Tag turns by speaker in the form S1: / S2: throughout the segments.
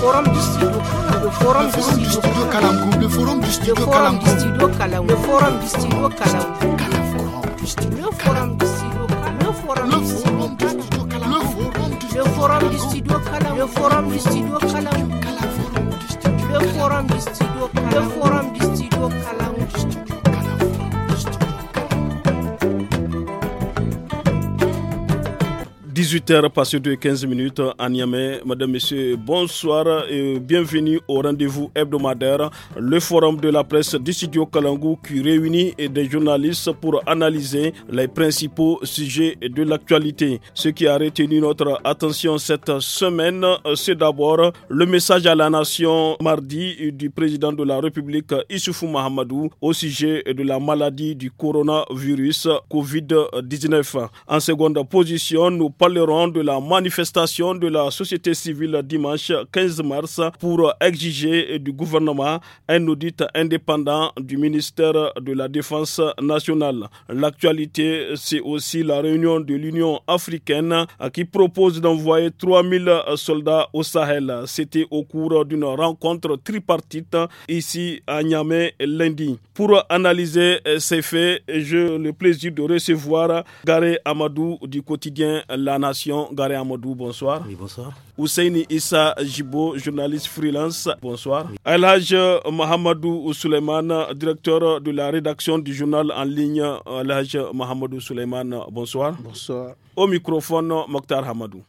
S1: forum du studio le forum du studio le forum du studio le forum du studio le forum du studio le forum du studio le forum du studio le forum du studio forum du studio
S2: 18h passé de 15 minutes à Niamey. Madame, Messieurs, bonsoir et bienvenue au rendez-vous hebdomadaire, le forum de la presse du studio Kalangou qui réunit des journalistes pour analyser les principaux sujets de l'actualité. Ce qui a retenu notre attention cette semaine, c'est d'abord le message à la nation mardi du président de la République Issoufou Mahamadou au sujet de la maladie du coronavirus COVID-19. En seconde position, nous parlons rang de la manifestation de la société civile dimanche 15 mars pour exiger du gouvernement un audit indépendant du ministère de la Défense nationale. L'actualité, c'est aussi la réunion de l'Union africaine qui propose d'envoyer 3000 soldats au Sahel. C'était au cours d'une rencontre tripartite ici à Niamey lundi. Pour analyser ces faits, j'ai le plaisir de recevoir Garé Amadou du quotidien La Nation, Gare Amadou, bonsoir. Oui, bonsoir. Ousseini Issa Jibo, journaliste freelance, bonsoir. Oui. Alhaj Mohamedou Souleymane, directeur de la rédaction du journal en ligne Alaj Mohamedou Souleymane, bonsoir. Bonsoir. Au microphone, Mokhtar Hamadou.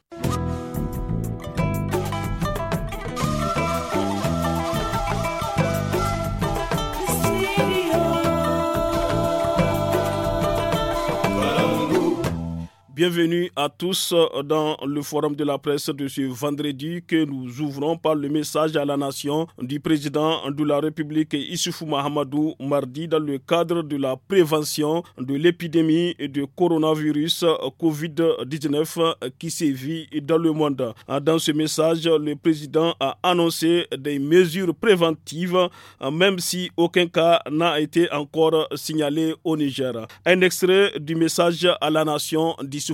S2: Bienvenue à tous euh, dans le forum de la presse de ce vendredi que nous ouvrons par le message à la nation du président de la République Issoufou Mahamadou mardi dans le cadre de la prévention de l'épidémie de coronavirus euh, Covid-19 euh, qui sévit dans le monde. Dans ce message, le président a annoncé des mesures préventives même si aucun cas n'a été encore signalé au Niger. Un extrait du message à la nation d'Issoufou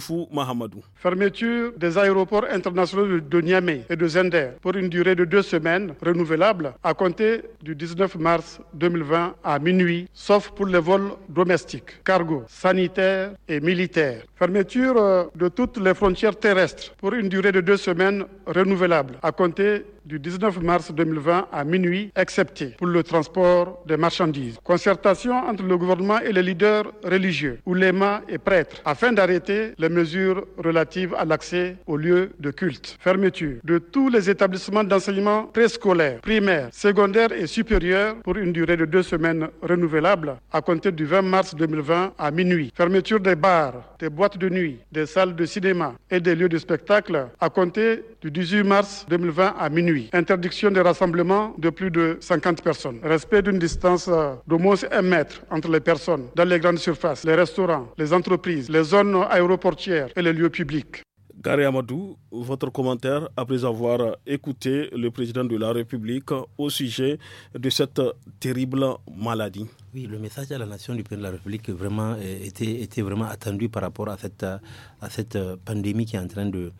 S3: Fermeture des aéroports internationaux de Niamey et de Zender pour une durée de deux semaines renouvelable à compter du 19 mars 2020 à minuit, sauf pour les vols domestiques, cargo, sanitaire et militaire. Fermeture euh, de toutes les frontières terrestres pour une durée de deux semaines renouvelable à compter du 19 mars 2020 à minuit, excepté pour le transport des marchandises. Concertation entre le gouvernement et les leaders religieux, ou oulémas et prêtres, afin d'arrêter les mesures relatives à l'accès aux lieux de culte. Fermeture de tous les établissements d'enseignement préscolaire, primaire, secondaire et supérieur pour une durée de deux semaines renouvelable à compter du 20 mars 2020 à minuit. Fermeture des bars, des boîtes de nuit, des salles de cinéma et des lieux de spectacle à compter du 18 mars 2020 à minuit. Interdiction des rassemblements de plus de 50 personnes. Respect d'une distance d'au moins un mètre entre les personnes dans les grandes surfaces, les restaurants, les entreprises, les zones aéroportuaires et les lieux publics.
S2: Gary Amadou, votre commentaire après avoir écouté le président de la République au sujet de cette terrible
S1: maladie. Oui, le message à la nation du président de la République vraiment euh, était, vraiment attendu par rapport à cette, à cette pandémie qui est en train de,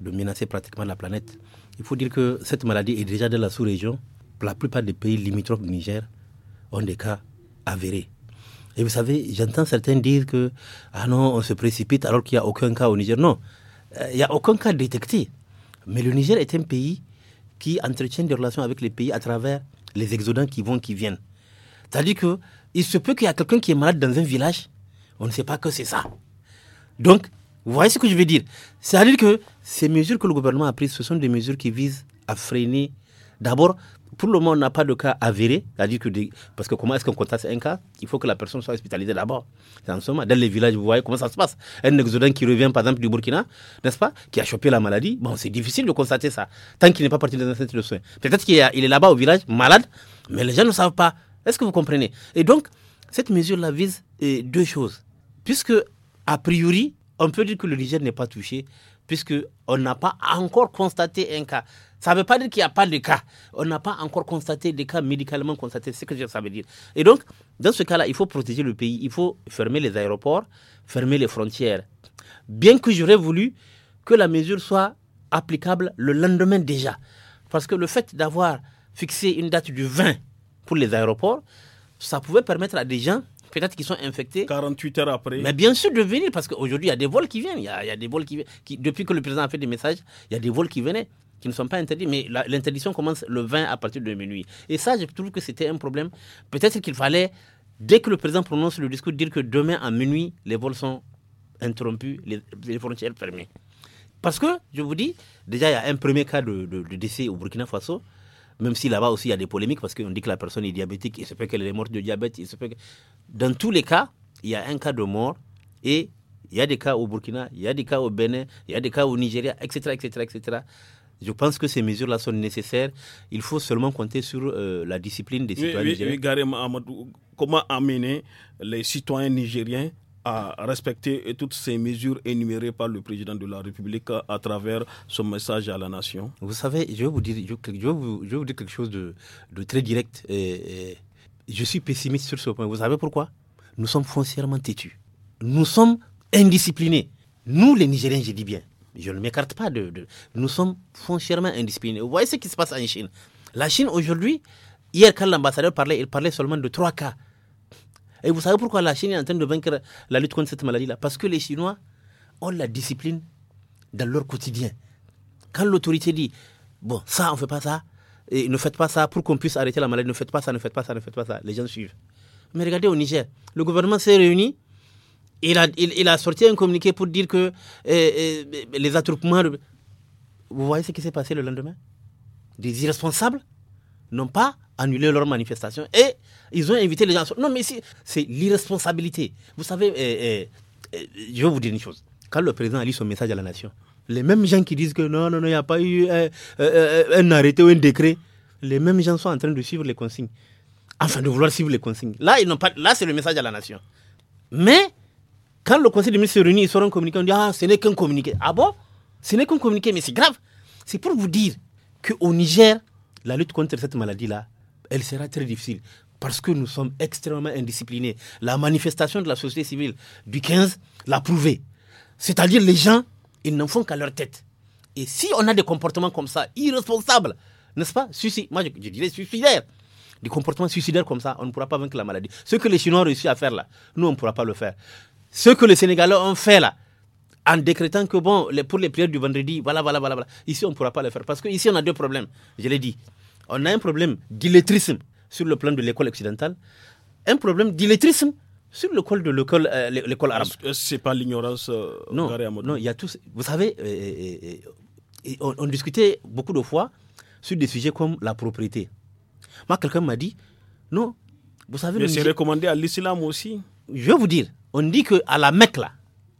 S1: de menacer pratiquement la planète. Il faut dire que cette maladie est déjà dans la sous-région. La plupart des pays limitrophes du Niger ont des cas avérés. Et vous savez, j'entends certains dire que ah non, on se précipite alors qu'il n'y a aucun cas au Niger. Non, euh, il n'y a aucun cas détecté. Mais le Niger est un pays qui entretient des relations avec les pays à travers les exodants qui vont, qui viennent. C'est-à-dire que il se peut qu'il y ait quelqu'un qui est malade dans un village, on ne sait pas que c'est ça. Donc, vous voyez ce que je veux dire C'est-à-dire que ces mesures que le gouvernement a prises, ce sont des mesures qui visent à freiner d'abord pour le moment, on n'a pas de cas avérés, Que parce que comment est-ce qu'on constate un cas Il faut que la personne soit hospitalisée d'abord. Dans les villages, vous voyez comment ça se passe. Un exodant qui revient, par exemple, du Burkina, n'est-ce pas Qui a chopé la maladie. Bon, c'est difficile de constater ça. Tant qu'il n'est pas parti dans un centre de soins. Peut-être qu'il est là-bas au village, malade, mais les gens ne savent pas. Est-ce que vous comprenez Et donc, cette mesure-là vise euh, deux choses. Puisque, a priori, on peut dire que le Niger n'est pas touché on n'a pas encore constaté un cas. Ça ne veut pas dire qu'il n'y a pas de cas. On n'a pas encore constaté des cas médicalement constatés. C'est ce que ça veut dire. Et donc, dans ce cas-là, il faut protéger le pays. Il faut fermer les aéroports, fermer les frontières. Bien que j'aurais voulu que la mesure soit applicable le lendemain déjà. Parce que le fait d'avoir fixé une date du 20 pour les aéroports, ça pouvait permettre à des gens peut-être qu'ils sont infectés. 48 heures après. Mais bien sûr de venir, parce qu'aujourd'hui, il y a des vols qui viennent. Il y, a, des vols qui, depuis que le président a fait des messages, il y a des vols qui venaient qui ne sont pas interdits, mais l'interdiction commence le 20 à partir de minuit. Et ça, je trouve que c'était un problème. Peut-être qu'il fallait, dès que le président prononce le discours, dire que demain à minuit, les vols sont interrompus, les, frontières fermées. Parce que, je vous dis, déjà, il y a un premier cas de décès au Burkina Faso. Même si là-bas aussi il y a des polémiques parce qu'on dit que la personne est diabétique, il se fait qu'elle est morte de diabète, il se fait que... Dans tous les cas, il y a un cas de mort et il y a des cas au Burkina, il y a des cas au Bénin, il y a des cas au Nigeria, etc. etc., etc. Je pense que ces mesures-là sont nécessaires. Il faut seulement compter sur euh, la discipline des citoyens comment amener les citoyens nigériens à respecter toutes ces
S2: mesures énumérées par le président de la République à travers son message à la nation
S1: Vous savez, je vais vous dire, je, vous, dire quelque chose de, très direct. Et, je suis pessimiste sur ce point. Vous savez pourquoi Nous sommes foncièrement têtus. Nous sommes indisciplinés. Nous, les Nigériens, je dis bien. Je ne m'écarte pas de, de, Nous sommes foncièrement indisciplinés. Vous voyez ce qui se passe en Chine. La Chine, aujourd'hui, hier, quand l'ambassadeur parlait, il parlait seulement de trois cas et vous savez pourquoi la Chine est en train de vaincre la lutte contre cette maladie-là Parce que les Chinois ont la discipline dans leur quotidien. Quand l'autorité dit, bon, ça, on ne fait pas ça, et ne faites pas ça pour qu'on puisse arrêter la maladie, ne faites pas ça, ne faites pas ça, ne faites pas ça, les gens suivent. Mais regardez au Niger, le gouvernement s'est réuni, il a, il, a sorti un communiqué pour dire que eh, eh, les attroupements... Vous voyez ce qui s'est passé le lendemain Des irresponsables n'ont pas annuler leur manifestation et ils ont invité les gens. Non, mais c'est l'irresponsabilité. Vous savez, eh, eh, eh, je vais vous dire une chose. Quand le président a lu son message à la nation, les mêmes gens qui disent que non, non, non, il n'y a pas eu un arrêté ou un décret, les mêmes gens sont en train de suivre les consignes. Enfin, de vouloir suivre les consignes. Là, ils n'ont pas, là c'est le message à la nation. Mais, quand le conseil des ministres se réunit, ils seront communiqué on dit Ah, ce n'est qu'un communiqué. Ah bon Ce n'est qu'un communiqué, mais c'est grave. C'est pour vous dire qu'au Niger, la lutte contre cette maladie-là, elle sera très difficile parce que nous sommes extrêmement indisciplinés. La manifestation de la société civile du 15 l'a prouvé. C'est-à-dire les gens, ils n'en font qu'à leur tête. Et si on a des comportements comme ça, irresponsables, n'est-ce pas moi je, dirais suicidaires. Des comportements suicidaires comme ça, on ne pourra pas vaincre la maladie. Ce que les Chinois ont réussi à faire là, nous, on ne pourra pas le faire. Ce que les Sénégalais ont fait là, en décrétant que bon, pour les prières du vendredi, voilà, voilà, voilà, voilà. Ici, on ne pourra pas le faire. Parce qu'ici, on a deux problèmes. Je l'ai dit on a un problème d'illettrisme sur le plan de l'école occidentale, un problème d'illettrisme sur l'école de l'école euh, arabe. C'est pas l'ignorance. Euh, non, il y a tous. Vous savez, euh, euh, on, discutait beaucoup de fois sur des sujets comme la propriété. Moi, quelqu'un m'a dit, non, vous savez. Mais c'est recommandé à l'islam aussi. Je vais vous dire, on dit que à la Mecque là,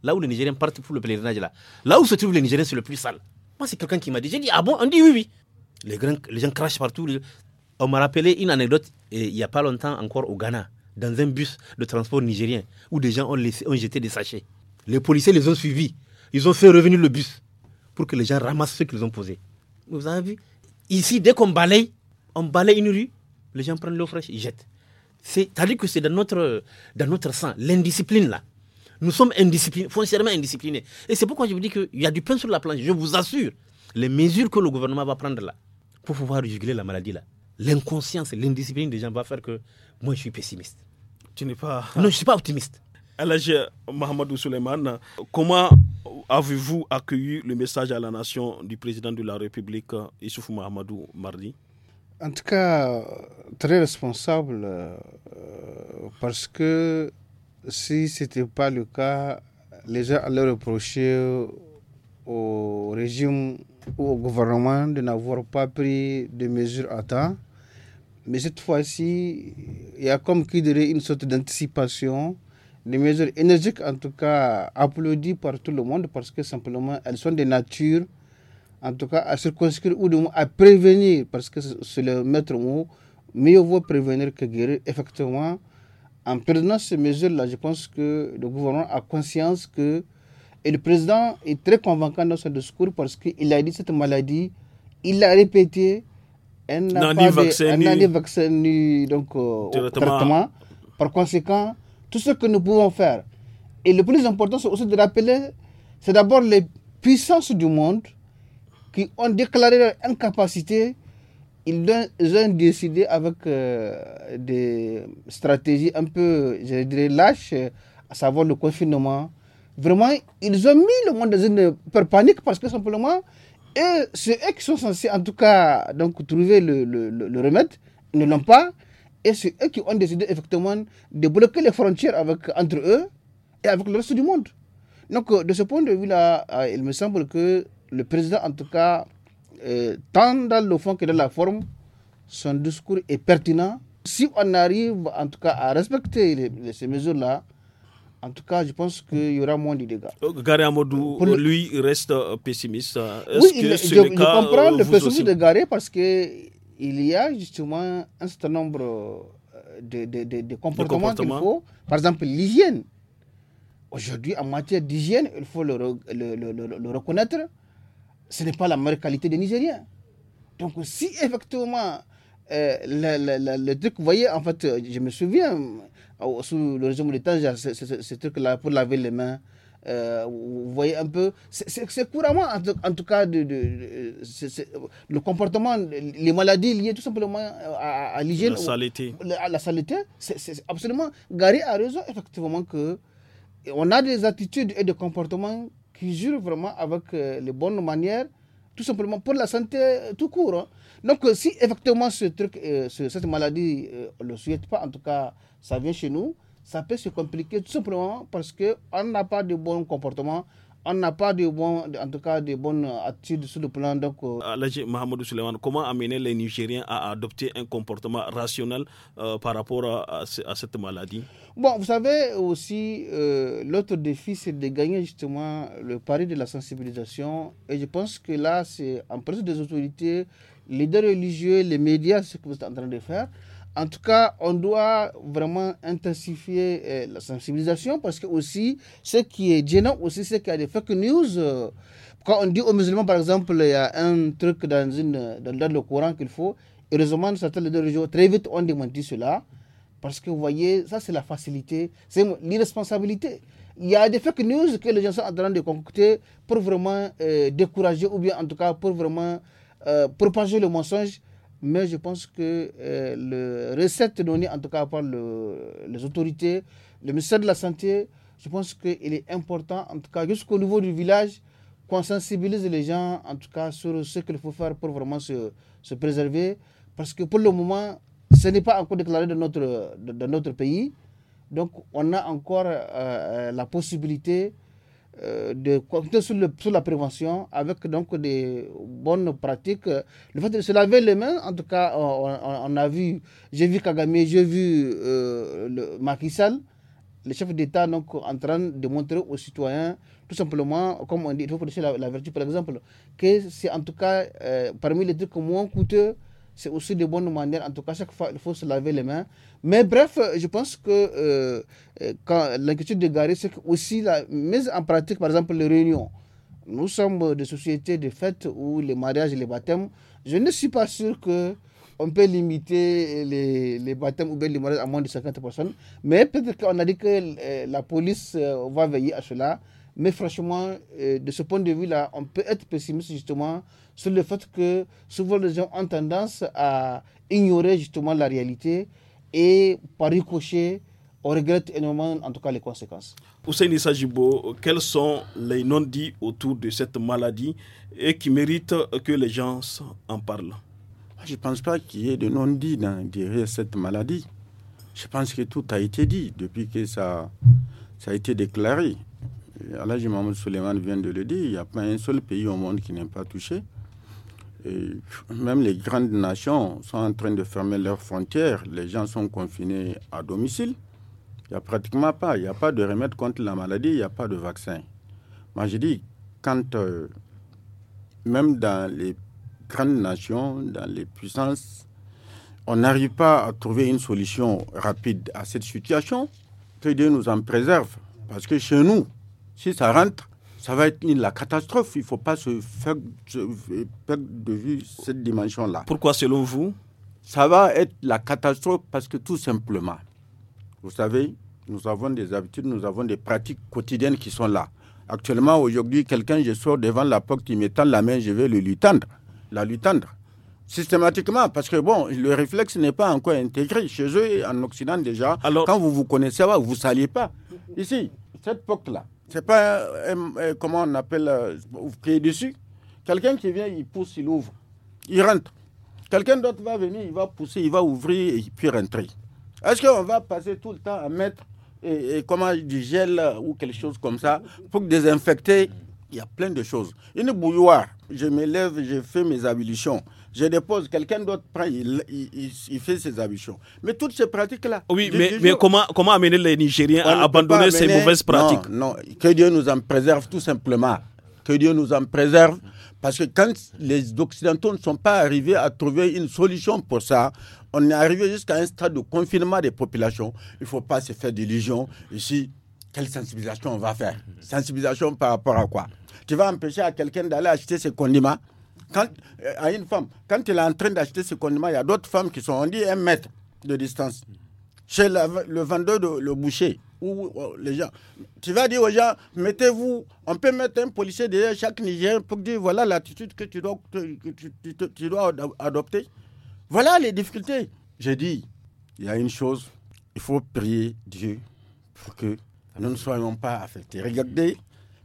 S1: là où les Nigériens partent pour le pèlerinage là, là où se trouve les Nigériens c'est le plus sale. Moi, c'est quelqu'un qui m'a dit, j'ai dit, ah bon, on dit oui, oui. Les, gens crachent partout. On m'a rappelé une anecdote il n'y a pas longtemps encore au Ghana, dans un bus de transport nigérien, où des gens ont, laissé, ont jeté des sachets. Les policiers les ont suivis. Ils ont fait revenir le bus pour que les gens ramassent ce qu'ils ont posés. Vous avez vu Ici, dès qu'on balaye, on balaye une rue, les gens prennent l'eau fraîche, ils jettent. C'est-à-dire que c'est dans notre, dans notre sang, l'indiscipline là. Nous sommes indisciplinés, foncièrement indisciplinés. Et c'est pourquoi je vous dis qu'il y a du pain sur la planche, je vous assure. Les mesures que le gouvernement va prendre là, pour pouvoir réguler la maladie là. L'inconscience, l'indiscipline des gens va faire que moi je suis pessimiste. Tu n'es pas. Non, je ne suis pas optimiste. Mohamedou Suleiman, comment
S2: avez-vous accueilli le message à la nation du président de la République, Issoufou Mahamadou, mardi
S4: En tout cas, très responsable, euh, parce que si ce n'était pas le cas, les gens allaient reprocher au régime au gouvernement de n'avoir pas pris de mesures à temps. Mais cette fois-ci, il y a comme qui dirait une sorte d'anticipation, des mesures énergiques en tout cas applaudies par tout le monde parce que simplement elles sont de nature, en tout cas à circonscrire ou de, à prévenir parce que c'est le maître mot, mieux vaut prévenir que guérir. Effectivement, en prenant ces mesures-là, je pense que le gouvernement a conscience que et le président est très convaincant dans son discours parce qu'il a dit cette maladie, il l'a répété, elle n'a pas vaccin, de, vaccin ni donc, euh, traitement. Par conséquent, tout ce que nous pouvons faire, et le plus important, c'est aussi de rappeler, c'est d'abord les puissances du monde qui ont déclaré leur incapacité. Ils ont, décidé avec euh, des stratégies un peu, je dirais, lâches, à savoir le confinement, Vraiment, ils ont mis le monde dans une peur panique parce que simplement, et ceux qui sont censés, en tout cas, donc, trouver le, le, le remède, ne l'ont pas. Et c'est eux qui ont décidé effectivement de bloquer les frontières avec, entre eux et avec le reste du monde. Donc, euh, de ce point de vue-là, euh, il me semble que le président, en tout cas, euh, tant dans le fond que dans la forme, son discours est pertinent. Si on arrive, en tout cas, à respecter ces mesures-là, en tout cas, je pense qu'il hmm. y aura moins de dégâts.
S1: Euh,
S2: Garé Amadou, lui, reste euh, pessimiste. Oui, je, comprends euh, le pessimisme de
S4: Garé parce qu'il y a justement un certain nombre de, de, comportements, qu'il faut. Par exemple, l'hygiène. Aujourd'hui, en matière d'hygiène, il faut le, le, le, reconnaître, ce n'est pas la meilleure qualité des Nigériens. Donc, si effectivement, le, truc, vous voyez, en fait, je me souviens, sous le régime de ce truc-là pour laver les mains. Euh, vous voyez un peu, c'est couramment en tout, cas de, le comportement, les maladies liées tout simplement à, l'hygiène. La saleté. la saleté, c'est absolument. Gary a raison effectivement que on a des attitudes et des comportements qui jurent vraiment avec euh, les bonnes manières, tout simplement pour la santé tout court. Hein. Donc, euh, si effectivement ce truc, euh, cette maladie, on euh, ne le souhaite pas, en tout cas, ça vient chez nous, ça peut se compliquer tout simplement parce qu'on n'a pas de bon comportement, on n'a pas de bon, en tout cas, de bonnes attitudes sur le plan. Donc, euh...
S2: Suleiman, comment amener les Nigériens à adopter un comportement rationnel par rapport à, cette maladie
S4: Bon, vous savez aussi, l'autre défi, c'est de gagner justement le pari de la sensibilisation. Et je pense que là, c'est en présence des autorités, leaders religieux, les médias, ce que vous êtes en train de faire. En tout cas, on doit vraiment intensifier euh, la sensibilisation parce que aussi, ce qui est gênant aussi, c'est qu'il y a des fake news. quand on dit aux musulmans, par exemple, il y a un truc dans, une, dans, le Coran qu'il faut, heureusement, certains leaders religieux, très vite, ont démenti cela. Parce que vous voyez, ça c'est la facilité, c'est l'irresponsabilité. Il y a des fake news que les gens sont en train de concocter pour vraiment euh, décourager ou bien en tout cas pour vraiment euh, propager le mensonge, mais je pense que euh, recette donnée en tout cas par les autorités, le ministère de la Santé, je pense qu'il est important, en tout cas jusqu'au niveau du village, qu'on sensibilise les gens, en tout cas, sur ce qu'il faut faire pour vraiment se, se, préserver. Parce que pour le moment, ce n'est pas encore déclaré dans notre, de notre pays. Donc, on a encore euh, euh, la possibilité euh, de sur, le, la prévention avec donc des bonnes pratiques. Le fait de se laver les mains, en tout cas, on, a vu, j'ai vu Kagame, j'ai vu euh, le Macky Sall, le chef d'État donc en train de montrer aux citoyens tout simplement, comme on dit, il faut la, vertu par exemple, que c'est en tout cas euh, parmi les trucs moins coûteux c'est aussi de bonnes manières. En tout cas, chaque fois, il faut se laver les mains. Mais bref, euh, je pense que euh, euh, quand l'inquiétude de Gary, c'est aussi la mise en pratique, par exemple, les réunions. Nous sommes des sociétés de fêtes où les mariages et les baptêmes, je ne suis pas sûr que on peut limiter les, les baptêmes ou les mariages à moins de 50 personnes. Mais peut-être qu'on a dit que la police va veiller à cela. Mais franchement, euh, de ce point de vue-là, on peut être pessimiste justement sur le fait que souvent les gens ont tendance à ignorer justement la réalité et par ricochet, on regrette énormément en tout cas les conséquences.
S2: Hussein Sajibo, quels sont les non-dits autour de cette maladie et qui méritent que les gens en parlent Je ne pense pas qu'il y ait de non-dits derrière cette maladie. Je pense que
S5: tout a été dit depuis que ça a été déclaré. Euh, Alhaji Mohamed Soleiman vient de le dire, il n'y a pas un seul pays au monde qui n'est pas touché. Et même les grandes nations sont en train de fermer leurs frontières. Les gens sont confinés à domicile. Il n'y a pratiquement pas. Il n'y a pas de remède contre la maladie. Il n'y a pas de vaccin. Moi, je dis, quand euh, même dans les grandes nations, dans les puissances, on n'arrive pas à trouver une solution rapide à cette situation, que Dieu nous en préserve. Parce que chez nous, si ça rentre, ça va être la catastrophe. Il ne faut pas se faire, perdre de vue cette dimension-là. Pourquoi, selon vous Ça va être la catastrophe parce que tout simplement, vous savez, nous avons des habitudes, nous avons des pratiques quotidiennes qui sont là. Actuellement, aujourd'hui, quelqu'un, je sors devant la porte, il m'étend la main, je vais le lui tendre, la lui tendre. Systématiquement, parce que bon, le réflexe n'est pas encore intégré chez eux, en Occident déjà. quand vous vous connaissez vous ne saliez pas. Ici, cette porte-là, c'est pas, comment on appelle, euh, vous dessus. Quelqu'un qui vient, il pousse, il ouvre, il rentre. Quelqu'un d'autre va venir, il va pousser, il va ouvrir et puis rentrer. Est-ce qu'on va passer tout le temps à mettre du gel ou quelque chose comme ça pour désinfecter Il y a plein de choses. Une bouilloire, je me lève, je fais mes ablutions je dépose, quelqu'un d'autre prend, il, il, fait ses ambitions. Mais toutes ces pratiques-là. Oui, mais,
S2: comment, comment amener les Nigériens à abandonner ces mauvaises pratiques
S5: non, que Dieu nous en préserve tout simplement. Que Dieu nous en préserve. Parce que quand les Occidentaux ne sont pas arrivés à trouver une solution pour ça, on est arrivé jusqu'à un stade de confinement des populations. Il ne faut pas se faire d'illusions. Ici, quelle sensibilisation on va faire Sensibilisation par rapport à quoi Tu vas empêcher à quelqu'un d'aller acheter ses condiments quand, euh, à une femme, quand elle est en train d'acheter ce condiment, il y a d'autres femmes qui sont, on dit, un mètre de distance. Chez le vendeur, de, le boucher, ou euh, les gens. Tu vas dire aux gens, mettez-vous, on peut mettre un policier derrière chaque Nigérien pour dire, voilà l'attitude que tu dois, tu, tu dois adopter. Voilà les difficultés. J'ai dit, il y a une chose, il faut prier Dieu pour que nous ne soyons pas affectés. Regardez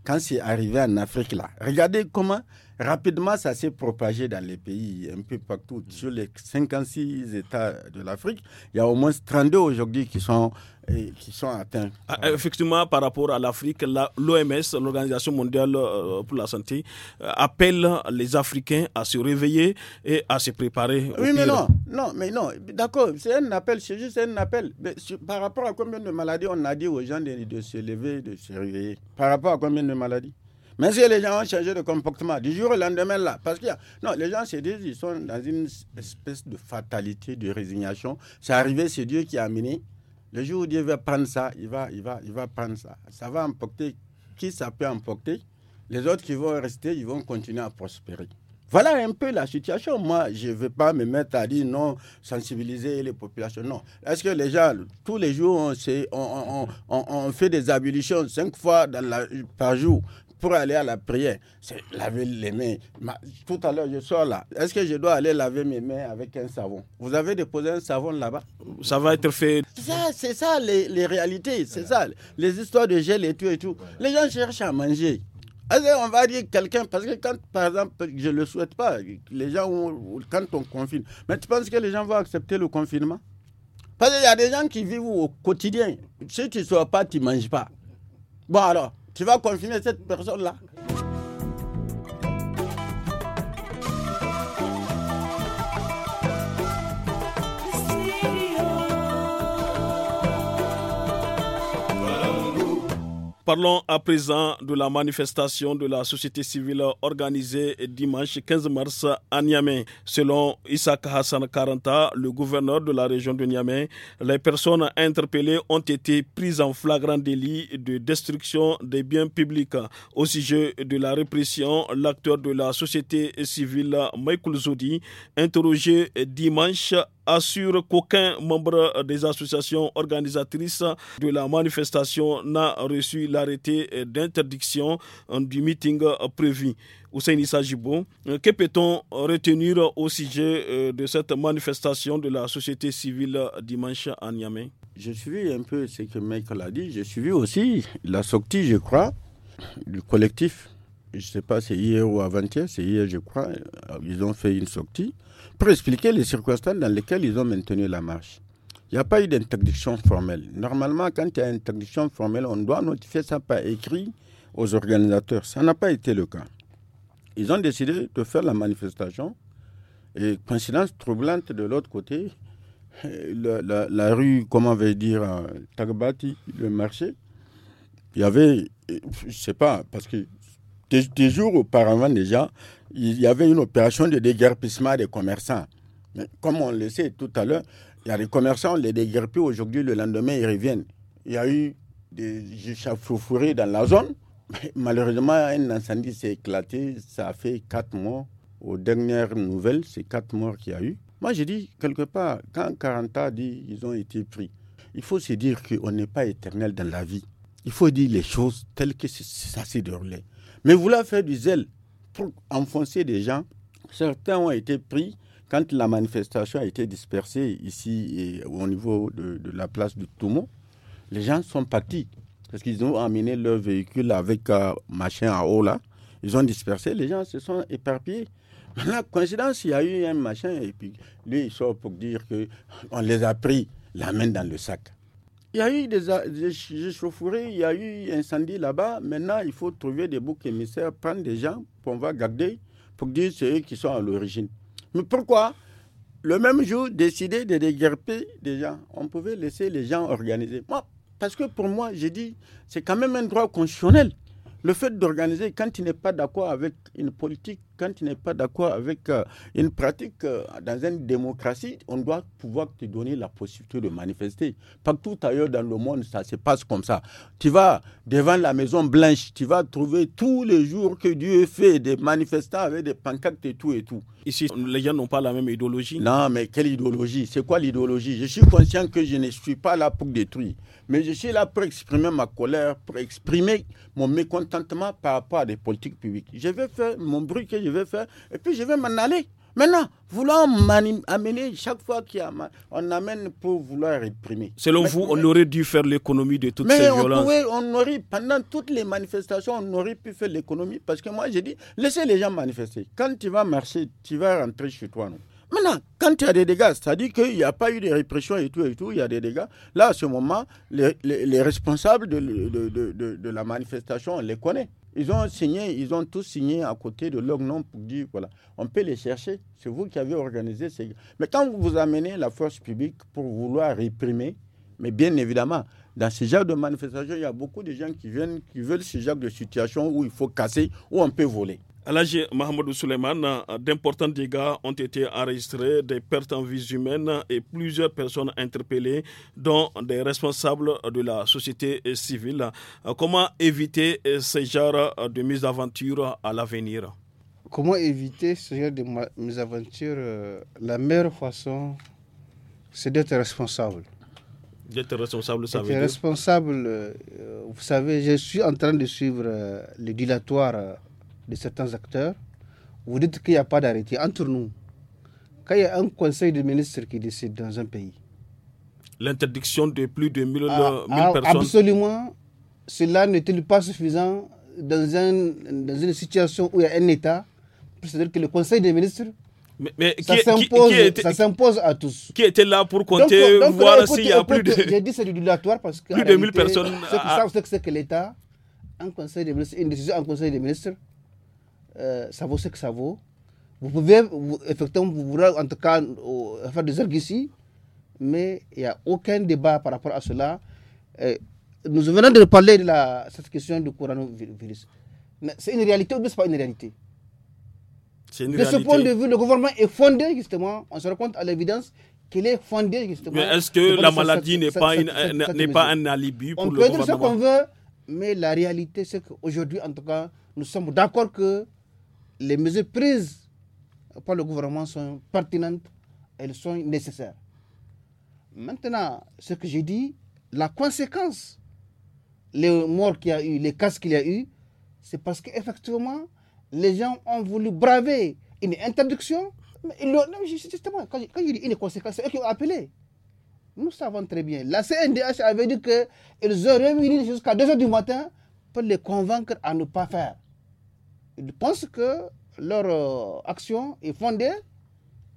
S5: quand c'est arrivé en Afrique, là, regardez comment rapidement ça s'est propagé dans les pays un peu partout. Mm. Sur les 56 États de l'Afrique, il y a au moins 32 aujourd'hui qui sont, euh, qui sont atteints.
S2: Ah, euh, effectivement, par rapport à l'Afrique, l'OMS, l'Organisation mondiale euh, pour la santé, appelle les Africains à se réveiller et à se préparer. oui, mais non,
S5: non, mais non, d'accord, c'est un appel, c'est juste un appel. Mais par rapport à combien de maladies on a dit aux gens de, se lever, de se réveiller Par rapport à combien de maladies mais si les gens ont changé de comportement du jour au lendemain, là, parce qu'il y a... non, les gens se disent, ils sont dans une espèce de fatalité, de résignation. C'est arrivé, c'est Dieu qui a amené. Le jour où Dieu va prendre ça, il va, il va, il va prendre ça. Ça va emporter qui ça peut emporter. Les autres qui vont rester, ils vont continuer à prospérer. Voilà un peu la situation. Moi, je ne veux pas me mettre à dire non, sensibiliser les populations. Non. Est-ce que les gens, tous les jours, on, fait des ablutions cinq fois dans la, par jour pour aller à la prière C'est laver les mains. tout à l'heure, je sors là. Est-ce que je dois aller laver mes mains avec un savon Vous avez déposé un savon là-bas Ça va être fait. Ça, c'est ça les, réalités. C'est ça. Les histoires de gel et tout et tout. Les gens cherchent à manger on va dire quelqu'un, parce que quand, par exemple, je ne le souhaite pas, les gens, quand on confine, mais tu penses que les gens vont accepter le confinement Parce qu'il y a des gens qui vivent au quotidien. Si tu ne sois pas, tu ne manges pas. Bon alors, tu vas confiner cette personne-là
S2: Parlons à présent de la manifestation de la société civile organisée dimanche 15 mars à Niamey. Selon Isaac Hassan Karanta, le gouverneur de la région de Niamey, les personnes interpellées ont été prises en flagrant délit de destruction des biens publics. Au sujet de la répression, l'acteur de la société civile Michael Zoudi, interrogé dimanche assure qu'aucun membre des associations organisatrices de la manifestation n'a reçu l'arrêté d'interdiction du meeting prévu. Hussein Issa que peut-on retenir au sujet euh, de cette manifestation de la société civile dimanche à Niamey J'ai suivi un peu ce que Michael a dit.
S5: J'ai suivi aussi la sortie, je crois, du collectif. Je ne sais pas, c'est hier ou avant-hier, c'est hier, je crois. Ils ont fait une sortie pour expliquer les circonstances dans lesquelles ils ont maintenu la marche. Il n'y a pas eu d'interdiction formelle. Normalement, quand il y a une interdiction formelle, on doit notifier ça par écrit aux organisateurs. Ça n'a pas été le cas. Ils ont décidé de faire la manifestation. Et coïncidence troublante de l'autre côté, la, rue, comment veut je dire, euh, Tagbati, le marché, il y avait, euh, je ne sais pas, parce que des, jours auparavant déjà, il y avait une opération de déguerpissement des commerçants. Mais comme on le sait tout à l'heure, il y a des commerçants, on les déguerpit aujourd'hui, le lendemain, ils reviennent. Il y a eu des fourrés dans la zone. malheureusement, un incendie s'est éclaté, ça a fait quatre morts. Aux dernières nouvelles, c'est quatre morts qu'il y a eu. Moi, j'ai dit, quelque part, quand ans dit ils ont été pris, il faut se dire qu'on n'est pas éternel dans la vie. Il faut dire les choses telles que ça s'est déroulé. Mais l'avez faire du zèle pour enfoncer des gens, certains ont été pris quand la manifestation a été dispersée ici et au niveau de, la place du Toumont. Les gens sont partis parce qu'ils ont amené leur véhicule avec un euh, machin à haut là. Ils ont dispersé, les gens se sont éparpillés. La coïncidence, il y a eu un machin et puis lui il sort pour dire qu'on les a pris la main dans le sac. Il y a eu des, échauffourées, il y a eu incendie là-bas. Maintenant, il faut trouver des boucs émissaires, prendre des gens qu'on va garder pour dire c'est eux qui sont à l'origine. Mais pourquoi le même jour décider de déguerper des gens On pouvait laisser les gens organiser. Moi, parce que pour moi, j'ai dit, c'est quand même un droit constitutionnel. Le fait d'organiser, quand tu n'es pas d'accord avec une politique, quand tu n'es pas d'accord avec euh, une pratique euh, dans une démocratie, on doit pouvoir te donner la possibilité de manifester. Partout ailleurs dans le monde, ça se passe comme ça. Tu vas devant la Maison Blanche, tu vas trouver tous les jours que Dieu fait des manifestants avec des pancartes et tout et tout.
S2: Ici, les gens n'ont pas
S5: la même idéologie. Non, mais quelle idéologie C'est quoi l'idéologie Je suis conscient que je ne suis pas là pour détruire, mais je suis là pour exprimer ma colère, pour exprimer mon mécontentement par rapport à des politiques publiques. Je vais faire mon bruit que vais faire, et puis je vais m'en aller. Maintenant, vouloir amener chaque fois qu'il a qu'on amène pour vouloir
S2: réprimer. Selon vous, on aurait dû faire l'économie de toutes ces on violences. Pouvait,
S5: on aurait, pendant toutes les manifestations, on aurait pu faire l'économie parce que moi j'ai dit, laissez les gens manifester. Quand tu vas marcher, tu vas rentrer chez toi. Non Maintenant, quand il y a des dégâts, c'est-à-dire qu'il n'y a pas eu de répression et tout, et tout, il y a des dégâts. Là, à ce moment, les, responsables de, de, la manifestation, on les connaît. Ils ont signé, ils ont tous signé à côté de leur nom pour dire, voilà, on peut les chercher. C'est vous qui avez organisé ces... Mais quand vous amenez la force publique pour vouloir réprimer, mais bien évidemment, dans ce genre de manifestation, il y a beaucoup de gens qui viennent, qui veulent ce genre de situation où il faut casser, où on peut voler.
S2: À l'âge Mohamed d'importants dégâts ont été enregistrés, des pertes en vie humaines et plusieurs personnes interpellées, dont des responsables de la société civile. Comment éviter ce genre de misaventure à l'avenir
S4: Comment éviter ce genre de misaventure euh, La meilleure façon, c'est d'être responsable.
S2: D'être responsable, ça veut dire
S4: responsable, euh, vous savez, je suis en train de suivre euh, le dilatoire de certains acteurs. Vous dites qu'il n'y a pas d'arrêté. Entre nous, quand il y a un conseil de ministres qui décide dans un pays.
S2: L'interdiction de plus de 1000 ah, ah, personnes.
S4: Absolument. Cela n'est-il pas suffisant dans, un, dans une situation où il y a un État C'est-à-dire que le conseil des ministres
S2: mais, mais ça
S4: s'impose à tous.
S2: Qui était là pour compter, voir s'il y a plus de. J'ai
S4: dit c'est dilatoire parce que. Plus de 1000 personnes. Ceux ce que c'est que l'État, un conseil des ministres, une décision en conseil des ministres, eh, ça vaut ce que ça vaut. Vous pouvez, effectivement, vous voulez en tout cas faire des arguments ici, mais il n'y a aucun débat par rapport à cela. Eh, nous venons de parler de la, cette question du coronavirus. C'est une réalité ou bien n'est pas une réalité De ce point de vue, le gouvernement est fondé, justement, on se rend compte à l'évidence qu'il est fondé, justement. Mais est-ce que la maladie n'est pas, n'est pas un alibi pour le gouvernement On peut dire ce qu'on veut, mais la réalité, c'est qu'aujourd'hui, en tout cas, nous sommes d'accord que les mesures prises par le gouvernement sont pertinentes, elles sont nécessaires. Maintenant, ce que j'ai dit, la conséquence, les morts qu'il y a eu, les casques qu'il y a eu, c'est parce qu'effectivement, les gens ont voulu braver une interdiction. Mais justement, quand je, dis une conséquence, c'est eux qui ont appelé. Nous savons très bien. La CNDH avait dit qu'ils auraient réuni jusqu'à 2h du matin pour les convaincre à ne pas faire ils pensent que leur euh, action est fondée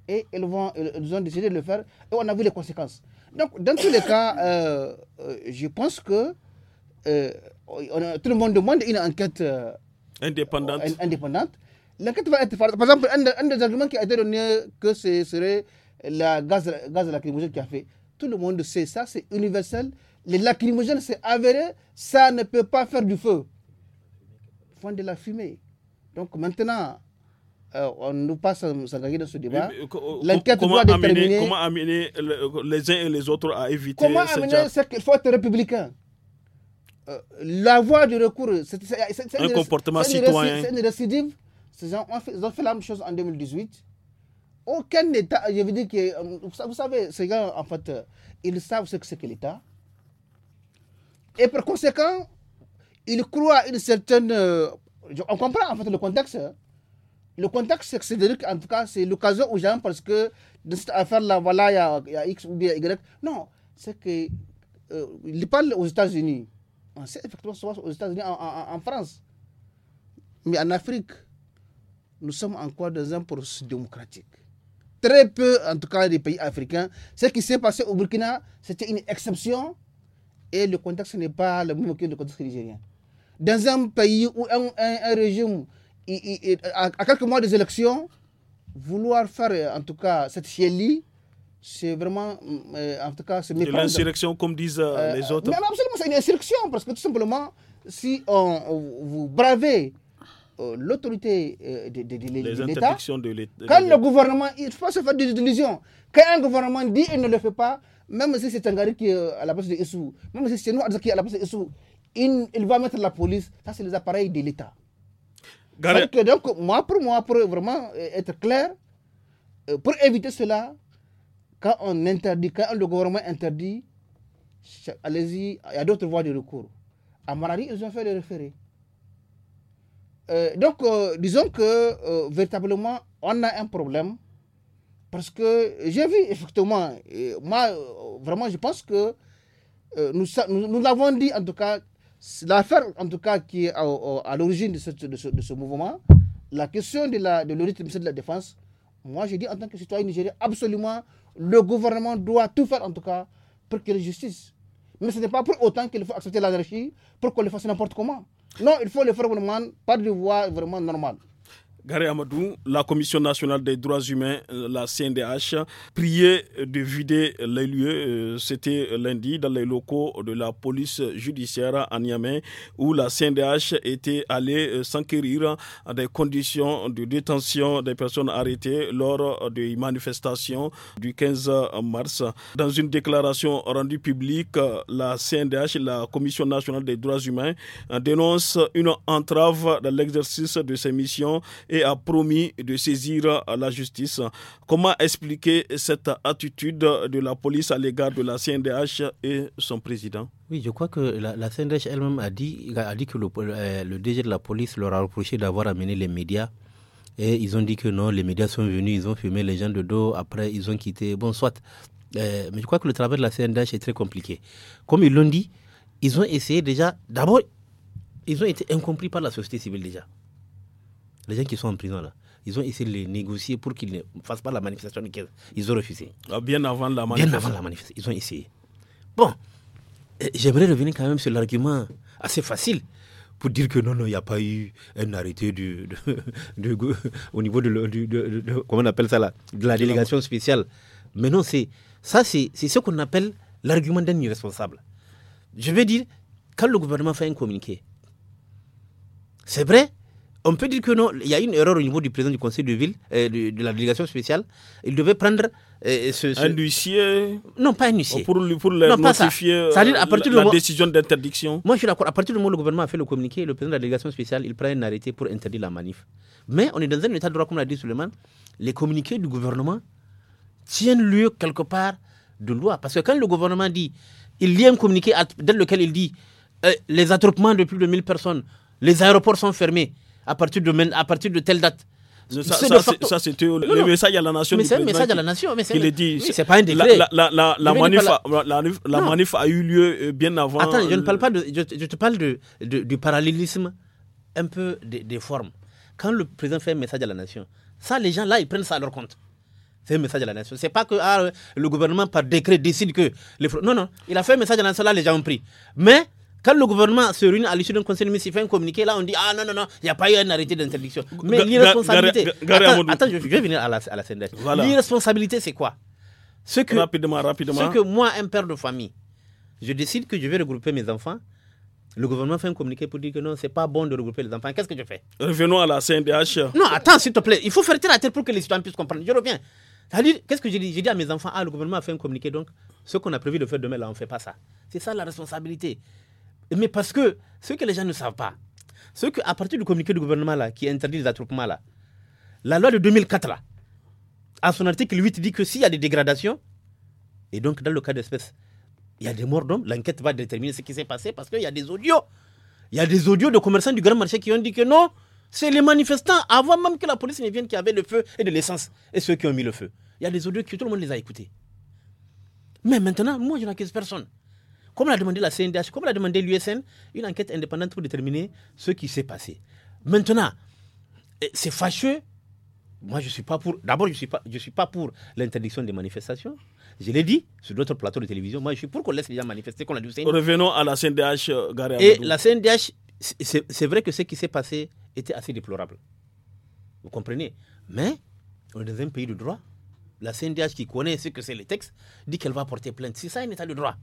S4: et ils, vont, ont décidé de le faire et on a vu les conséquences. Donc, dans tous les cas, euh, euh, je pense que tout le monde demande une enquête indépendante. L'enquête va être Par exemple, un, des arguments qui a été donné que ce serait la gaz, gaz lacrymogène qui a fait. Tout le monde sait ça, c'est universel. Les lacrymogènes, c'est avéré, ça ne peut pas faire du feu. Ils de la fumée. Donc maintenant, euh, on nous passe s'engager dans ce débat. Eh, L'enquête doit déterminer. comment
S2: amener les uns et les autres à éviter Comment amener
S4: genre... qu'il faut être républicain euh, La voie du recours, c'est un comportement citoyen. C'est une récidive. Ces gens ont fait, ils ont fait la même chose en 2018. Aucun État, je veux dire que. Euh, vous savez, ces gens en fait, ils savent ce que c'est que l'État. Et par conséquent, ils croient une certaine on comprend en fait le contexte. Le contexte, c'est que en tout cas, c'est l'occasion aux gens parce que dans cette affaire-là, voilà, il y, a X ou bien Y. Non, c'est que. Euh, il parle aux États-Unis. On sait effectivement ce aux États-Unis, en, France. Mais en Afrique, nous sommes encore dans un processus démocratique. Très peu, en tout cas, des pays africains. Ce qui s'est passé au Burkina, c'était une exception. Et le contexte n'est pas le même que le contexte nigérien dans un pays ou un, régime, à, quelques mois des élections, vouloir faire euh, en tout cas cette chielie, c'est vraiment, mm, euh, en tout cas, c'est l'insurrection,
S2: comme disent euh, les autres. Mais absolument,
S4: c'est une insurrection, parce que tout simplement, si on, vous bravez l'autorité de, de, de, l'État, quand le gouvernement, il ne faut pas se faire des illusions. Quand un gouvernement dit et ne le fait pas, même si c'est Tangari qui est à la place de Issou, même si c'est nous qui est à la place de Issou, il va mettre la police. Ça, c'est les appareils de l'État. Donc, moi, pour moi, pour vraiment euh, être clair, euh, pour éviter cela, quand on interdit, quand le gouvernement interdit, allez-y, il y a d'autres voies de recours. À Maradi, ils ont fait le référé. Euh, donc, disons que véritablement, on a un problème parce que j'ai vu effectivement, moi, vraiment, je pense que nous, nous, nous l'avons dit en tout cas l'affaire, en tout cas, qui est à, l'origine de, ce, mouvement, la question de, la, de de la Défense, moi, je dis en tant que citoyen nigérien, absolument, le gouvernement doit tout faire, en tout cas, pour qu'il y ait justice. Mais ce n'est pas pour autant qu'il faut accepter l'anarchie, pour qu'on le fasse n'importe comment. Non, il faut le faire vraiment par de voie vraiment normale.
S2: Gary Amadou, la Commission nationale des droits humains, euh, la CNDH, priait de vider les lieux. Euh, c'était lundi dans les locaux de la police judiciaire à Niamey, où la CNDH était allée euh, s'enquérir des conditions de détention des personnes arrêtées lors des manifestations du 15 mars. Dans une déclaration rendue publique, la CNDH, la Commission nationale des droits humains, dénonce une entrave dans l'exercice de ses missions et a promis de saisir la justice. Comment expliquer cette attitude de la police à l'égard de la CNDH et son président
S1: oui, je crois que la, CNDH elle-même a dit, a dit que le, euh, DG de la police leur a reproché d'avoir amené les médias et ils ont dit que non, les médias sont venus, ils ont fumé les gens de dos, après ils ont quitté. Bon, soit. Euh, mais je crois que le travail de la CNDH est très compliqué. Comme ils l'ont dit, ils ont essayé déjà. D'abord, ils ont été incompris par la société civile déjà. Les gens qui sont en prison là, ils ont essayé de les négocier pour qu'ils ne fassent pas la manifestation Ils ont refusé. Ah, bien avant la manifestation. la ils ont essayé. Bon, eh, j'aimerais revenir quand même sur l'argument assez facile pour dire que non, non, il n'y a pas eu un arrêté du, au niveau de, comment on appelle ça là, de la délégation spéciale. Mais non, c'est ça, c'est ce qu'on appelle l'argument d'un irresponsable. Je veux dire, quand le gouvernement fait un communiqué, c'est vrai, on peut dire que non, il y a une erreur au niveau du président du conseil de ville, euh, de, la délégation spéciale. Il devait prendre euh, ce, Un huissier Non, pas un huissier. Pour, pour le notifier euh, à partir la, décision d'interdiction Moi, je suis d'accord. À partir du moment où le gouvernement a fait le communiqué, le président de la délégation spéciale, il prend un arrêté pour interdire la manif. Mais on est dans un état de droit, comme l'a dit Suleiman. Les communiqués du gouvernement tiennent lieu quelque part de loi. Parce que quand le gouvernement dit. Il y a un communiqué dans lequel il dit les attroupements de plus de 1000 personnes, les aéroports sont fermés à partir de, à partir de telle date. Ça, c'était le message à la nation. Mais c'est un message à la nation. il dit. c'est pas un décret. La, manif, a, la, manif a eu lieu euh, bien avant. Attends, je ne parle euh, pas de. Je, te parle de, du parallélisme un peu des, formes. Quand le président fait un message à la nation, ça, les gens là, ils prennent ça à leur compte. C'est un message à la nation. C'est pas que ah, le gouvernement par décret décide que. Les... Non, non. Il a fait un message à la nation, là, les gens ont pris. Mais quand le gouvernement se réunit à l'issue d'un conseil ministre, il fait un communiqué, là on dit Ah non, non, non, il n'y a pas eu un arrêté d'interdiction. Mais l'irresponsabilité. Attends, je vais venir à la, à L'irresponsabilité, c'est quoi ce que, rapidement, rapidement. Ce que moi, un père de famille, je décide que je vais regrouper mes enfants. Le gouvernement fait un communiqué pour dire que non, c'est pas bon de regrouper les enfants. Qu'est-ce que je fais Revenons à la CNDH. Non, attends, s'il te plaît. Il faut faire tel à terre pour que les citoyens puissent comprendre. Je reviens. qu'est-ce que j'ai dit J'ai dit à mes enfants, ah, le gouvernement a fait un communiqué, donc ce qu'on a prévu de faire demain, là, on fait pas ça. C'est ça la responsabilité. Mais parce que ce que les gens ne savent pas, c'est à partir du communiqué du gouvernement là, qui interdit les attroupements, là, la loi de 2004, là, à son article 8, dit que s'il y a des dégradations, et donc dans le cas d'espèce, il y a des morts d'hommes, l'enquête va déterminer ce qui s'est passé parce qu'il y a des audios. Il y a des audios de commerçants du grand marché qui ont dit que non, c'est les manifestants, avant même que la police ne vienne, qui avaient le feu et de l'essence, et ceux qui ont mis le feu. Il y a des audios que tout le monde les a écoutés. Mais maintenant, moi, je n'accuse personne comme l'a demandé la CNDH, comme l'a demandé l'USN, une enquête indépendante pour déterminer ce qui s'est passé. Maintenant, eh, c'est fâcheux. Moi, je suis pas pour. D'abord, je suis suis pas pour l'interdiction des manifestations. Je l'ai dit sur d'autres plateaux de télévision. Moi, je suis pour qu'on laisse les gens manifester, qu'on a Revenons
S2: à la CNDH, euh, Et la
S1: CNDH, c'est vrai que ce qui s'est passé était assez déplorable. Vous comprenez Mais on est dans un pays de droit. La CNDH qui connaît ce que c'est les textes dit qu'elle va porter plainte. C'est ça un état de droit.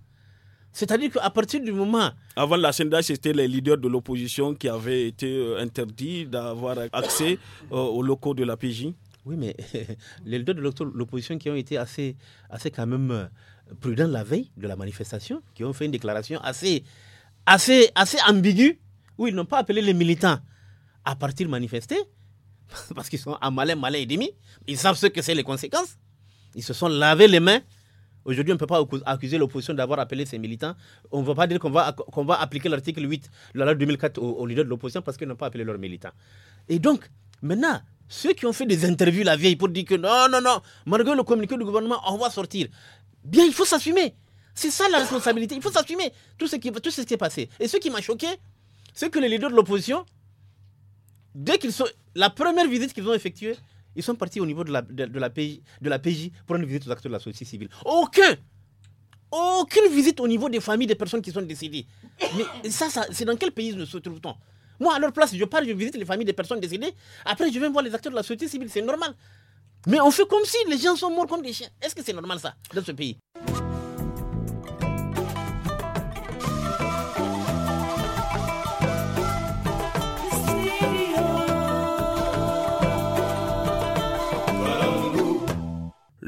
S1: C'est-à-dire qu'à partir du moment. Avant la c'était les leaders de l'opposition qui avaient été euh, interdits d'avoir accès euh, aux locaux de la PJ. Oui, mais les leaders de l'opposition qui ont été assez, assez quand même euh, prudents la veille de la manifestation, qui ont fait une déclaration assez, assez, assez ambiguë, où ils n'ont pas appelé les militants à partir manifester, parce qu'ils sont à malin, malin et demi. Ils savent ce que c'est les conséquences. Ils se sont lavé les mains Aujourd'hui, on ne peut pas accuser l'opposition d'avoir appelé ses militants. On ne va pas dire qu'on va, appliquer l'article 8 de la loi 2004 aux, leaders de l'opposition parce qu'ils n'ont pas appelé leurs militants. Et donc, maintenant, ceux qui ont fait des interviews la vieille pour dire que non, non, non, malgré le communiqué du gouvernement, on va sortir. Bien, il faut s'assumer. C'est ça la responsabilité. Il faut s'assumer tout ce qui, tout ce qui est passé. Et ce qui m'a choqué, c'est que les leaders de l'opposition, dès qu'ils sont. La première visite qu'ils ont effectuée, ils sont partis au niveau de la, de, la, PJ, de la pour une visite aux acteurs de la société civile. Aucun Aucune visite au niveau des familles des personnes qui sont décédées. Mais ça, c'est dans quel pays nous se trouve-t-on Moi, à leur place, je parle je visite les familles des personnes décédées. Après, je viens voir les acteurs de la société civile. C'est normal. Mais on fait comme si les gens sont morts comme des chiens. Est-ce que c'est normal ça, dans ce pays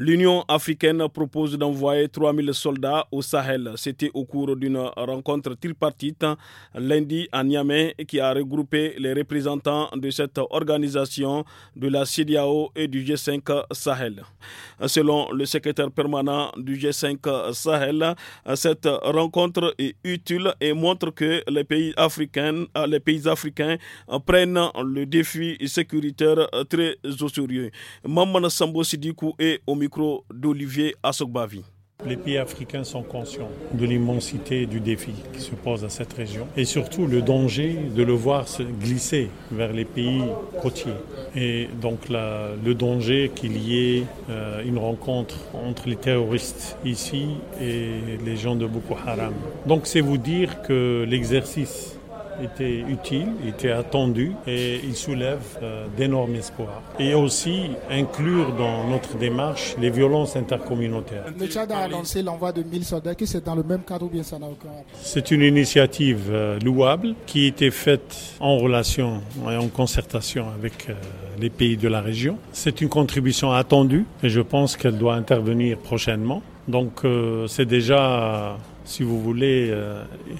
S2: L'Union africaine propose d'envoyer 3000 soldats au Sahel. C'était au cours d'une rencontre tripartite lundi à Niamey qui a regroupé les représentants de cette organisation de la CDAO et du G5 Sahel. Selon le secrétaire permanent du G5 Sahel, cette rencontre est utile et montre que les pays africains, prennent le défi sécuritaire très au sérieux. Maman Sambo Sidikou est au d'Olivier
S6: Les pays africains sont conscients de l'immensité du défi qui se pose à cette région et surtout le danger de le voir se glisser vers les pays côtiers. Et donc le danger qu'il y ait euh, une rencontre entre les terroristes ici et les gens de Boko Haram. Donc c'est vous dire que l'exercice était utile, était attendu et il soulève euh, d'énormes espoirs. Et aussi inclure dans notre démarche les violences intercommunautaires.
S3: Le a annoncé l'envoi de 1000 soldats, qui c'est dans le même cadre ou bien ça n'a aucun rapport
S6: C'est une initiative euh, louable qui était faite en relation et en concertation avec euh, les pays de la région. C'est une contribution attendue et je pense qu'elle doit intervenir prochainement. Donc c'est déjà si vous voulez,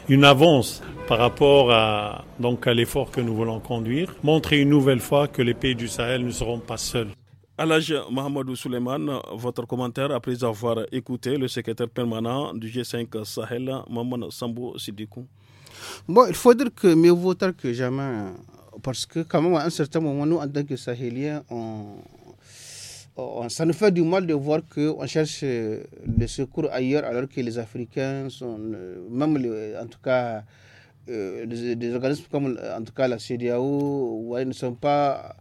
S6: une avance par rapport à, donc, l'effort que nous voulons conduire, montrer une nouvelle fois que les pays du Sahel ne seront pas seuls.
S2: Alage Mohamedou Souleymane, votre commentaire après avoir écouté le secrétaire permanent du G5 Sahel, Maman Sambo Sidikou.
S4: Bon, il faut dire que mieux vaut tard que jamais, parce que quand même à un certain moment, nous, en tant que Sahéliens, ça nous fait du mal de voir qu'on cherche le secours ailleurs alors que les Africains sont, euh, même en tout cas, euh, des, organismes comme euh, en tout cas la CDAO ne sont pas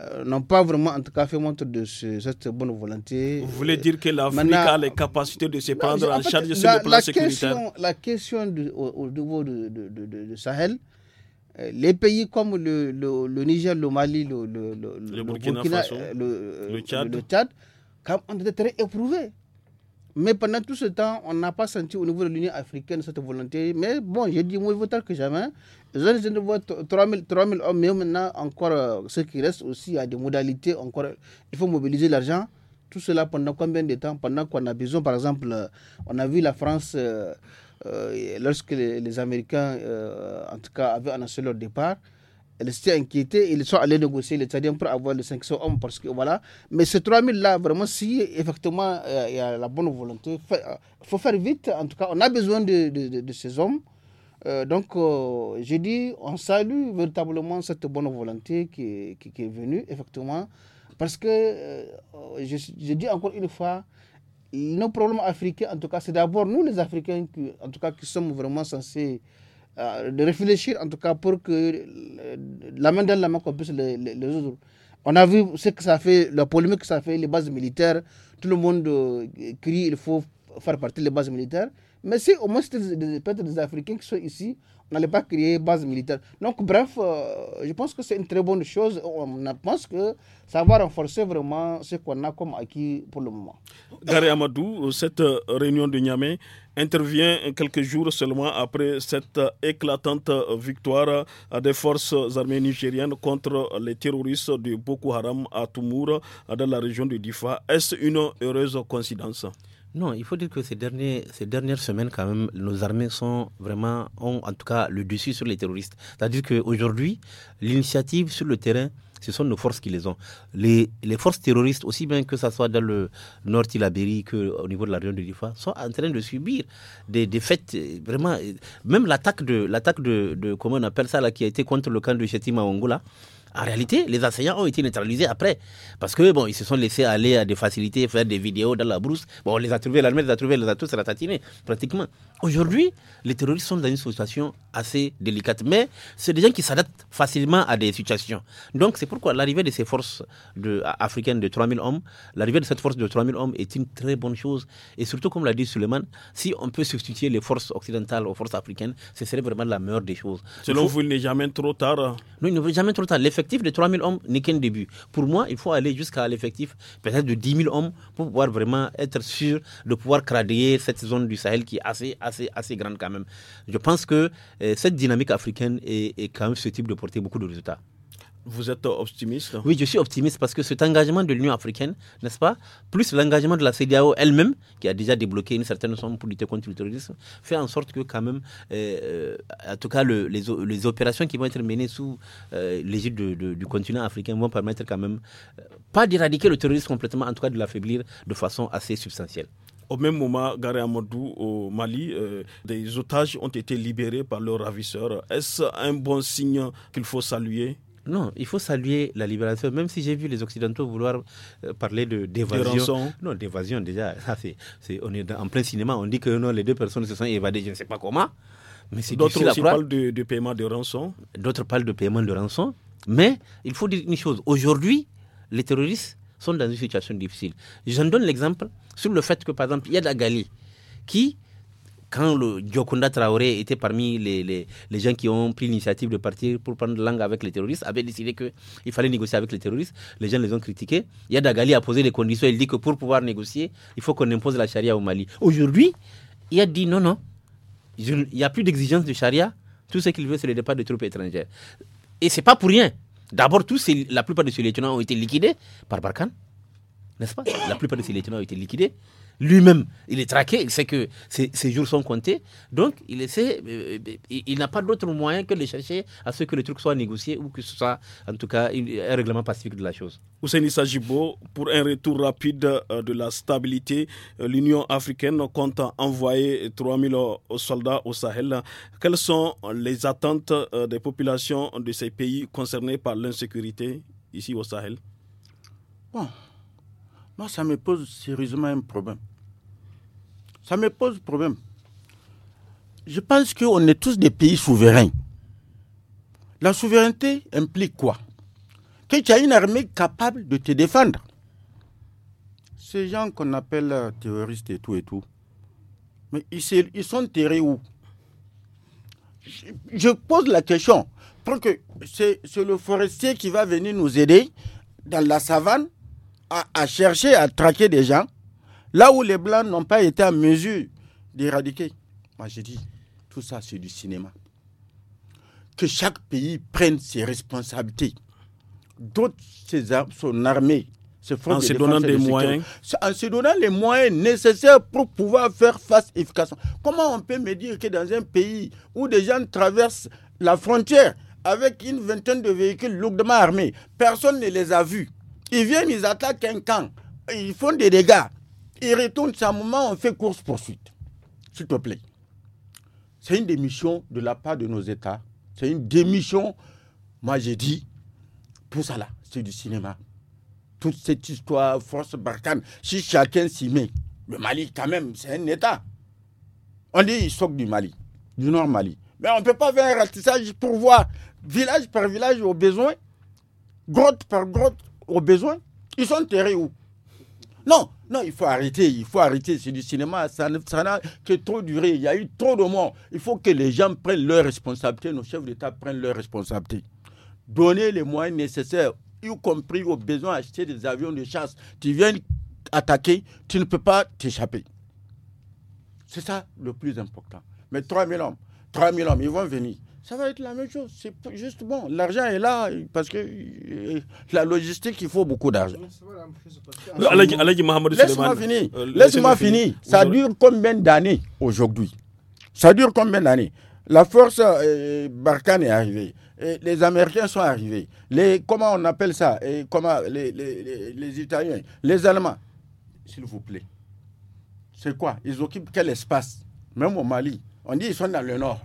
S4: euh, n'ont pas vraiment en tout cas fait montre de cette bonne volonté. Vous voulez dire que l'Afrique a les capacités de se bah, prendre en, charge sur la, le plan la question, La question au, niveau de, Sahel, les pays comme le, Niger, le Mali, le, le Burkina, Faso, le, Tchad, ont été très éprouvés. Mais pendant tout ce temps, on n'a pas senti au niveau de l'Union africaine cette volonté. Mais bon, j'ai dit, moi, il vaut tard que jamais. Je 3 000 hommes, mais maintenant, encore, euh, ce qui reste aussi, il y a des modalités, encore, il faut mobiliser l'argent. Tout cela pendant combien de temps Pendant qu'on a besoin, par exemple, euh, on a vu la France, euh, lorsque les Américains, en tout cas, avaient annoncé leur départ, elle étaient inquiétée, ils sont allés négocier les Tchadiens pour avoir les 500 hommes parce que voilà. Mais ces 3000 là, vraiment, si effectivement euh, il y a la bonne volonté, il euh, faut faire vite. En tout cas, on a besoin de, ces hommes. Euh, donc, j'ai dit, on salue véritablement cette bonne volonté qui, est venue, effectivement, parce que, je, dis encore une fois, nos problèmes africains, en tout cas, c'est d'abord nous les Africains, en tout cas, qui sommes vraiment censés euh, de réfléchir en tout cas pour que euh, la main dans la main qu'on puisse les, les, On a vu ce que ça fait, la polémique que ça fait, les bases militaires. Tout le monde euh, crie il faut faire partie des bases militaires. Mais si au moins c'était peut-être des Africains qui sont ici, on n'allait pas créer base militaire. Donc, bref, je pense que c'est une très bonne chose. On pense que ça va renforcer vraiment ce qu'on a comme acquis pour le moment.
S2: Gary Amadou, cette réunion de Niamey intervient quelques jours seulement après cette éclatante victoire des forces armées nigériennes contre les terroristes de Boko Haram à Toumour, dans la région de Difa. Est-ce une heureuse
S1: coïncidence non, il faut dire que ces, derniers, ces dernières semaines, quand même, nos armées sont vraiment, ont en tout cas le dessus sur les terroristes. C'est-à-dire qu'aujourd'hui, l'initiative sur le terrain, ce sont nos forces qui les ont. Les, forces terroristes, aussi bien que ça soit dans le nord que qu'au niveau de la région de Difa, sont en train de subir des défaites euh, vraiment. Euh, même l'attaque de, l'attaque de, de, comment on appelle ça, là, qui a été contre le camp de Chetima Angola en réalité, les enseignants ont été neutralisés après. Parce que, bon, ils se sont laissés aller à des facilités, faire des vidéos dans la brousse. Bon, on les a trouvés, l'armée les a trouvés, les a tous ratatinés, pratiquement. Aujourd'hui, les terroristes sont dans une situation assez délicate. Mais c'est des gens qui s'adaptent facilement à des situations. Donc, c'est pourquoi l'arrivée de ces forces de, africaines de 3000 hommes, l'arrivée de cette force de 3000 hommes est une très bonne chose. Et surtout, comme l'a dit Suleiman, si on peut substituer les forces occidentales aux forces africaines, ce serait vraiment la meilleure des choses. Selon vous, il n'est jamais trop tard hein? Non, il n'est jamais trop tard l'effectif de 3 000 hommes n'est qu'un début. Pour moi, il faut aller jusqu'à l'effectif peut-être de 10 000 hommes pour pouvoir vraiment être sûr de pouvoir cradiller cette zone du Sahel qui est assez, assez, assez grande quand même. Je pense que euh, cette dynamique africaine est, est quand même susceptible de porter beaucoup de résultats. Vous êtes optimiste Oui, je suis optimiste parce que cet engagement de l'Union africaine, n'est-ce pas, plus l'engagement de la CDAO elle-même, qui a déjà débloqué une certaine somme pour lutter contre le terrorisme, fait en sorte que quand même, euh, euh, en tout cas, les, opérations qui vont être menées sous euh, l'égide du continent africain vont permettre quand même, pas d'éradiquer le terrorisme complètement, en tout cas de l'affaiblir de façon assez substantielle. Au même moment, Gare Amadou, au Mali, des otages ont été libérés par leurs ravisseurs. Est-ce un bon signe qu'il faut saluer non, il faut saluer la libération, même si j'ai vu les Occidentaux vouloir euh, parler d'évasion. Non, d'évasion déjà, ça c'est, on est en plein cinéma, on dit que non, les deux personnes se sont évadées, je ne sais pas comment. Mais c'est D'autres aussi parlent de, paiement de rançon. D'autres parlent de paiement de rançon. Mais il faut dire une chose, aujourd'hui, les terroristes sont dans une situation difficile. J'en donne l'exemple sur le fait que, par exemple, il y a Dagali qui quand le Diokonda Traoré était parmi les, les, les gens qui ont pris l'initiative de partir pour prendre langue avec les terroristes, avait décidé qu'il fallait négocier avec les terroristes. Les gens les ont critiqués. Yadagali a posé les conditions. Il dit que pour pouvoir négocier, il faut qu'on impose la charia au Mali. Aujourd'hui, il a dit non, non. Il n'y a plus d'exigence de charia. Tout ce qu'il veut, c'est le départ des troupes étrangères. Et ce n'est pas pour rien. D'abord, la plupart de ces lieutenants ont été liquidés par Barkhane. N'est-ce pas La plupart de ces lieutenants ont été liquidés lui-même, il est traqué, il sait que ses, jours sont comptés. Donc, il essaie, euh, euh, il, n'a pas d'autre moyen que de chercher à ce que le truc soit négocié ou que ce soit, en tout cas, un règlement pacifique de la chose.
S2: Hussein pour un retour rapide euh, de la stabilité, l'Union africaine compte envoyer 3000 soldats au Sahel. Quelles sont les attentes des populations de ces pays concernés par l'insécurité ici au Sahel
S5: Bon, moi, ça me pose sérieusement un problème ça me pose problème. Je pense qu'on est tous des pays souverains. La souveraineté implique quoi Que tu as une armée capable de te défendre. Ces gens qu'on appelle euh, terroristes et tout et tout, mais ils, sont terrés où je, pose la question. que c'est le forestier qui va venir nous aider dans la savane à chercher, à traquer des gens. Là où les Blancs n'ont pas été en mesure d'éradiquer. Moi, j'ai dit tout ça, c'est du cinéma. Que chaque pays prenne ses responsabilités. D'autres, son armée, se font en se donnant des moyens. En se donnant les moyens nécessaires pour pouvoir faire face efficacement. Comment on peut me dire que dans un pays où des gens traversent la frontière avec une vingtaine de véhicules lourdement armés, personne ne les a vus. Ils viennent, ils attaquent un camp, ils font des dégâts. Il retourne un moment, on fait course-poursuite. S'il te plaît. C'est une démission de la part de nos États. C'est une démission, moi j'ai dit, pour ça là, c'est du cinéma. Toute cette histoire, force barkane, si chacun s'y met, le Mali quand même, c'est un État. On dit, il sort du Mali, du Nord Mali. Mais on ne peut pas faire un ratissage pour voir village par village aux besoins, grotte par grotte aux besoins. Ils sont enterrés où non, non, il faut arrêter, il faut arrêter. C'est du cinéma, ça n'a que trop duré. Il y a eu trop de morts. Il faut que les gens prennent leurs responsabilités, nos chefs d'État prennent leurs responsabilités. Donner les moyens nécessaires, y compris aux besoins d'acheter des avions de chasse. Tu viens attaquer, tu ne peux pas t'échapper. C'est ça le plus important. Mais 3 000 hommes, 3 000 hommes, ils vont venir ça va être la même chose. C'est juste bon, l'argent est là parce que euh, la logistique, il faut beaucoup d'argent.
S2: Euh, Laisse-moi finir.
S5: Laisse-moi finir. Ça dure combien d'années aujourd'hui Ça dure combien d'années La force euh, barkane est arrivée. les Américains sont arrivés. Les, comment on appelle ça Et comment, les, les, les Italiens, les Allemands. S'il vous plaît. C'est quoi Ils occupent quel espace Même au Mali. On dit qu'ils sont dans le nord.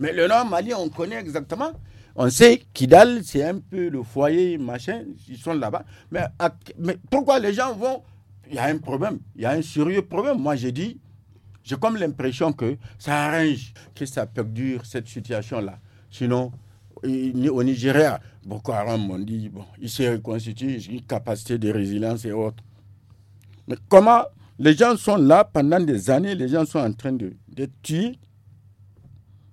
S5: Mais le nord Mali, on connaît exactement. On sait Kidal, c'est un peu le foyer, machin, ils sont là-bas. Mais, pourquoi les gens vont Il y a un problème, il y a un sérieux problème. Moi, j'ai dit, j'ai comme l'impression que ça arrange, que ça perdure, cette situation-là. Sinon, au Nigeria, beaucoup Haram, on dit, bon, il se ont une capacité de résilience et autres. Mais comment les gens sont là pendant des années, les gens sont en train de tuer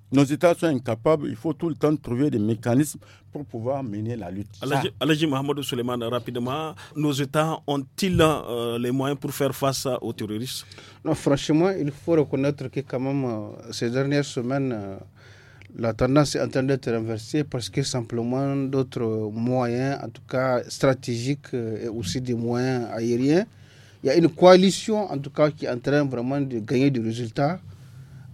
S5: nos États sont incapables. Il faut tout le temps trouver des mécanismes pour pouvoir mener la lutte.
S2: Alaji Mohamed Suleiman, rapidement, nos États ont-ils euh, les moyens pour faire face
S4: aux terroristes Non, franchement, il faut reconnaître que quand même, euh, ces dernières semaines, euh, la tendance est en train d'être inversée parce que simplement d'autres moyens, en tout cas stratégiques et aussi des moyens aériens, il y a une coalition en tout cas qui est en train vraiment de gagner des résultats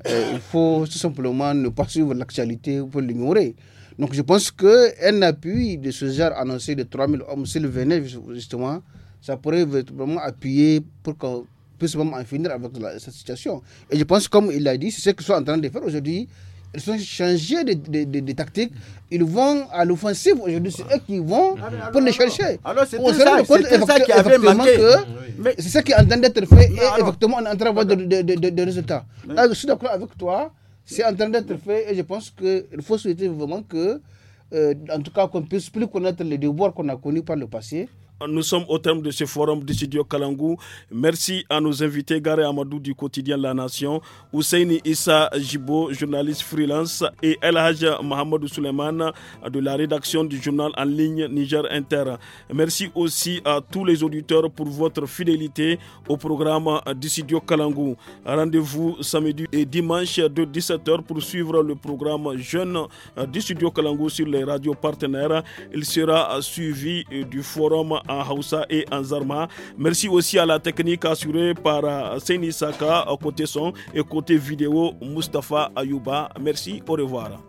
S4: euh, il faut tout simplement ne pas suivre l'actualité pour l'ignorer. Donc je pense qu'un appui de ce genre annoncé de 3000 hommes, s'il venait justement, ça pourrait vraiment appuyer pour qu'on puisse vraiment en finir avec cette situation. Et je pense, comme il l'a dit, c'est ce qu'ils sont en train de faire aujourd'hui ils ont changé de, de, de, tactique. Ils vont à l'offensive. Aujourd'hui, c'est eux qui vont ah, pour les chercher. Alors, c'est ça, c'est ça qui avait manqué. C'est ça qui est en train d'être fait et effectivement, on est en train d'avoir des résultats. Là, je suis d'accord avec toi. C'est en train d'être fait et je pense qu'il faut souhaiter vraiment que, euh, en tout cas, qu'on puisse plus connaître les devoirs qu'on a connus par le passé
S2: nous sommes au terme de ce forum du studio Kalangou. Merci à nos invités Gare Amadou du quotidien La Nation, Hussein Issa Jibo, journaliste freelance, et El Haj Mohamed Suleiman de la rédaction du journal en ligne Niger Inter. Merci aussi à tous les auditeurs pour votre fidélité au programme du studio Kalangou. Rendez-vous samedi et dimanche de 17h pour suivre le programme Jeune du studio Kalangou sur les radios partenaires. Il sera suivi du forum Hausa et Anzarma. Merci aussi à la technique assurée par euh, Seni Saka, côté son et côté vidéo, Mustapha Ayuba. Merci, au revoir.